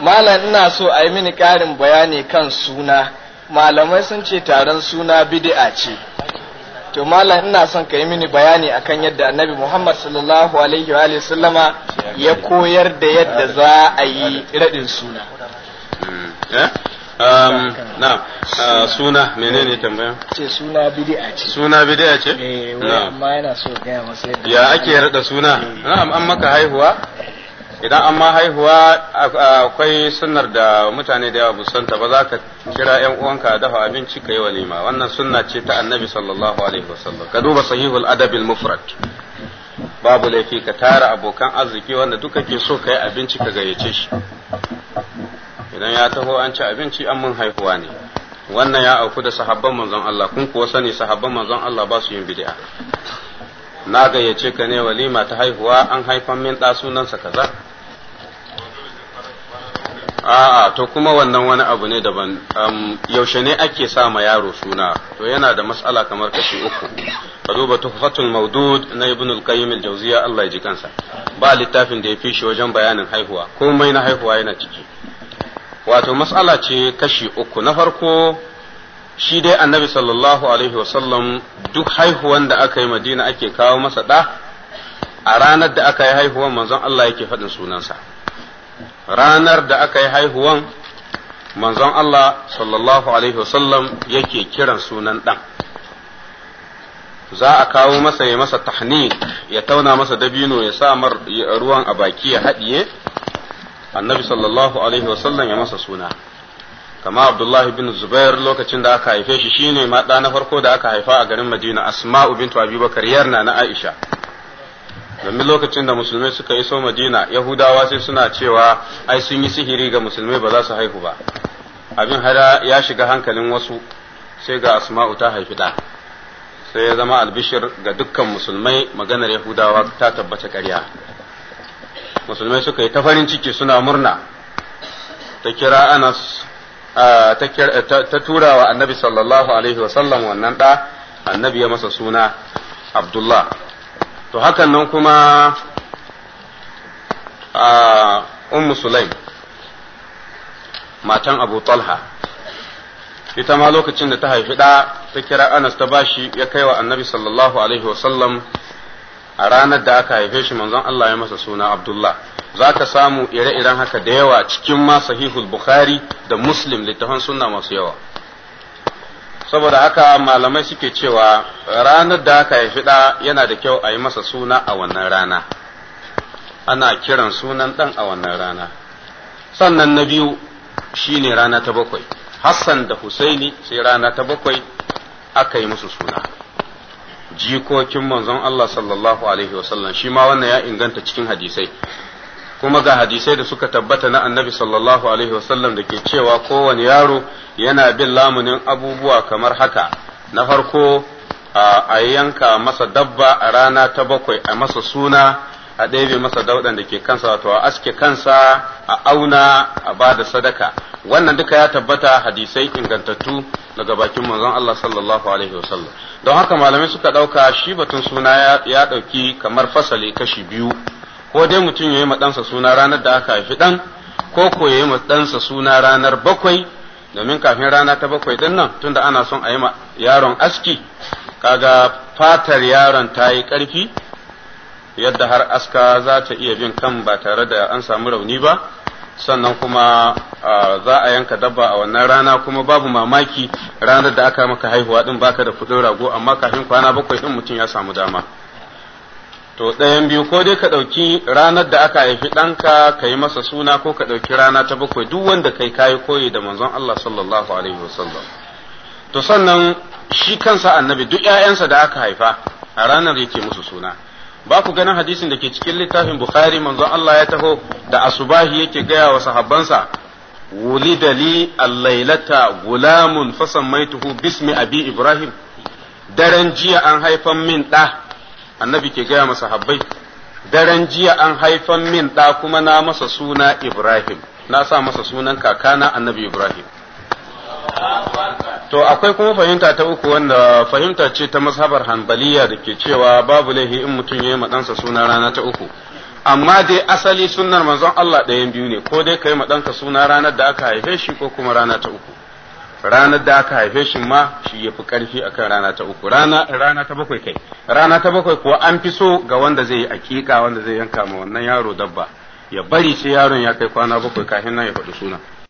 malam ina so a yi mini ƙarin bayani kan suna malamai sun ce taron suna bid'a ce to malam ina son ka yi mini bayani akan yadda annabi muhammad sallallahu alaihi wa sallama ya koyar da yadda za a yi raɗin suna hmm. eh? Um, na uh, suna menene tambaya ce suna bid'a ce suna bid'a ce eh amma yana so ga masa yadda ya ake rada suna eh. na'am an maka haihuwa idan an ma haihuwa akwai sunnar da mutane da yawa busanta ba za ka kira yan uwanka a dafa abinci ka yi walima wannan sunna ce ta annabi sallallahu alaihi wasallam ka duba sahihul adabil mufrad babu laifi ka tara abokan arziki wanda duka ke so ka yi abinci ka gayyace shi idan ya taho an ci abinci an mun haihuwa ne wannan ya auku da sahabban manzon Allah kun kuwa sani sahabban manzon Allah ba su yin bid'a na gayyace ka ne walima ta haihuwa an haifan min ɗa sunansa kaza A'a, to kuma wannan wani abu ne daban, yaushe ne ake sa ma yaro suna, to yana da matsala kamar kashi uku, ka duba tuhfatul maudud na ibn al-qayyim al-jawziya Allah ya ji kansa, ba littafin da ya fi shi wajen bayanin haihuwa, komai na haihuwa yana ciki. Wato matsala ce kashi uku, na farko shi dai annabi sallallahu alaihi wasallam duk haihuwan da aka yi madina ake kawo masa ɗa, a ranar da aka yi haihuwan manzon Allah yake faɗin sunansa. ranar da aka yi haihuwan manzon Allah sallallahu alaihi wasallam yake kiran sunan ɗan za a kawo masa ya masa tahni ya tauna masa dabino ya sa mar ruwan a baki ya haɗiye annabi sallallahu alaihi wasallam ya masa suna kama abdullahi bin zubair lokacin da aka haife shi shine ma ɗa na farko da aka haifa a garin madina asma'u bintu abubakar yarna na aisha domin lokacin da musulmai suka iso madina yahudawa sai suna cewa ai sun yi sihiri ga musulmai ba za su haihu ba abin hada ya shiga hankalin wasu sai ga asma'u ta haifi da sai ya zama albishir ga dukkan musulmai maganar yahudawa ta tabbata ƙarya musulmai suka yi ta farin ciki suna murna ta kira anas ta tura wa annabi sallallahu alaihi wa sallam wannan da annabi ya masa suna abdullah to hakan nan kuma a ummu sulaim matan abu talha ita ma lokacin da ta haifi ɗa ta kira anas ta bashi ya kai wa annabi sallallahu alaihi wasallam a ranar da aka haife shi manzon Allah ya masa suna Abdullah za ka samu ire-iren haka da yawa cikin ma sahihul Bukhari da Muslim littafan sunna masu yawa saboda haka malamai suke cewa ranar da aka haifi ɗa yana da kyau a yi masa suna a wannan rana ana kiran sunan ɗan a wannan rana sannan na biyu shine rana ta bakwai hassan da husaini sai rana ta bakwai aka yi musu suna jikokin manzon Allah sallallahu alaihi wasallam shi ma wannan ya inganta cikin hadisai kuma ga hadisai da suka tabbata na annabi sallallahu alaihi wasallam da ke cewa kowane yaro yana bin lamunin abubuwa kamar haka na farko a yanka masa dabba a rana ta bakwai a masa suna a ɗebe masa daudan da ke kansa wato a aske kansa a auna a ba da sadaka wannan duka ya tabbata hadisai ingantattu daga bakin manzon Allah sallallahu alaihi wasallam don haka malamai suka ɗauka shi batun suna ya ɗauki kamar fasali kashi biyu ko dai mutum ya yi ma ɗansa suna ranar da aka haifi ɗan ko ko ya yi ma ɗansa suna ranar bakwai domin kafin rana ta bakwai ɗin nan tunda ana son a yi ma yaron aski kaga fatar yaron ta yi ƙarfi yadda har aska za ta iya bin kan ba tare da an samu rauni ba sannan kuma za a yanka dabba a wannan rana kuma babu mamaki ranar da aka maka haihuwa ɗin baka da kuɗin rago amma kafin kwana bakwai ɗin mutum ya samu dama to ɗayan biyu ko dai ka ɗauki ranar da aka haifi ɗanka ka yi masa suna ko ka ɗauki rana ta bakwai duk wanda kai kayi koyi da manzon Allah sallallahu alaihi wasallam to sannan shi kansa annabi duk ƴaƴansa da aka haifa a ranar yake musu suna ba ku ganin hadisin da ke cikin littafin bukhari manzon Allah ya taho da asubahi yake gaya wa sahabbansa wulida li al-lailata gulamun fasammaituhu bismi abi ibrahim daren jiya an haifan min ɗa annabi ke gaya masa habbai daren jiya an haifan min ɗa kuma na masa suna Ibrahim na sa masa sunan kakana annabi Ibrahim to akwai kuma fahimta ta uku wanda fahimta ce ta mazhabar hanbaliya da ke cewa babu laihi in mutum ya yi maɗansa suna rana ta uku amma dai asali sunnar manzon Allah ɗayan biyu ne ko dai ka yi maɗanka suna ranar da aka haife shi ko kuma rana ta uku ranar da aka haife shi ma shi yafi karfi akan rana ta uku rana rana ta bakwai kai rana ta bakwai kuwa an fi so ga wanda zai yi akika wanda zai yanka ma wannan yaro dabba ya bari sai yaron ya kai kwana bakwai kafin nan ya faɗi suna